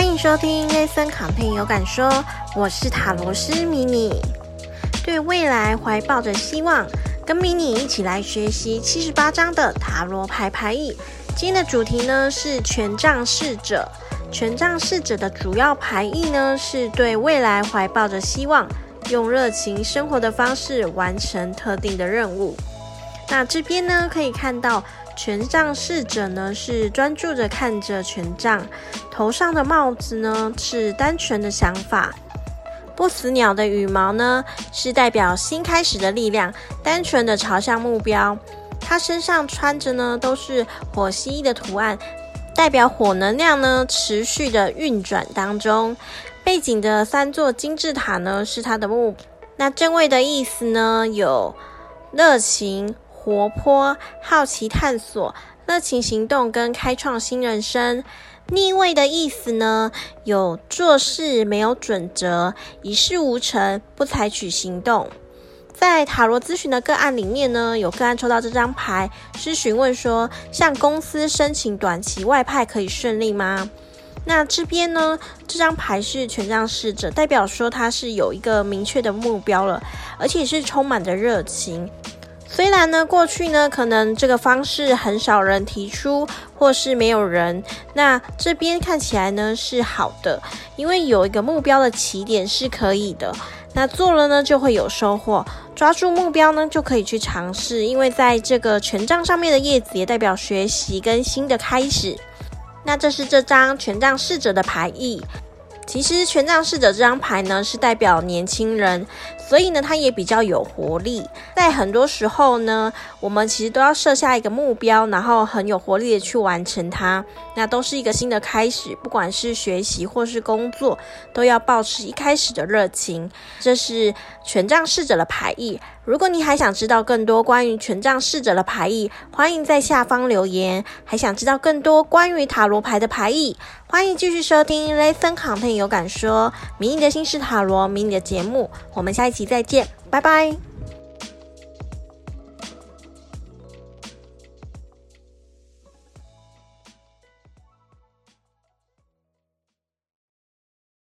歡迎收聽《ListenContent 有感說》，我是塔羅師迷你，對未來懷抱着希望，跟迷你一起來學習七十八張的塔羅牌牌意。今天的主題呢是權杖侍者，權杖侍者的主要牌意呢是對未來懷抱着希望，用熱情生活的方式完成特定的任務。那這邊呢可以看到。權杖侍者呢是專注的看着權杖，頭上的帽子呢是單純的想法，不死鳥的羽毛呢是代表新開始的力量，單純的朝向目標。他身上穿着呢都是火蜥蜴的圖案，代表火能量呢持續的運轉當中。背景的三座金字塔呢是他的墓。那正位的意思呢有熱情。活潑、好奇、探索、熱情、行動，跟開創新人生。逆位的意思呢，有做事沒有準則，一事無成，不採取行動。在塔羅諮詢的個案裡面呢，有個案抽到這張牌，是詢問說，向公司申請短期外派可以順利嗎？那這邊呢，這張牌是權杖侍者，代表說他是有一個明確的目標了，而且是充滿着熱情。雖然呢，過去呢，可能這個方式很少人提出，或是沒有人。那這邊看起來呢，是好的，因為有一個目標的起點是可以的。那做了呢，就會有收穫，抓住目標呢，就可以去嘗試。因為在這個權杖上面的葉子也代表學習跟新的開始。那這是這張權杖侍者的牌意。其實權杖侍者這張牌呢，是代表年輕人，所以呢，它也比較有活力。在很多時候呢，我們其實都要設下一個目標，然後很有活力的去完成它。那都是一個新的開始，不管是學習或是工作，都要保持一開始的熱情。這是權杖侍者的牌意。如果你還想知道更多關於權杖侍者的牌意，歡迎在下方留言。還想知道更多關於塔羅牌的牌意。歡迎繼續收聽《ListenContent 有感說迷你的心事塔羅迷你》的節目，我們下一期再見，拜拜。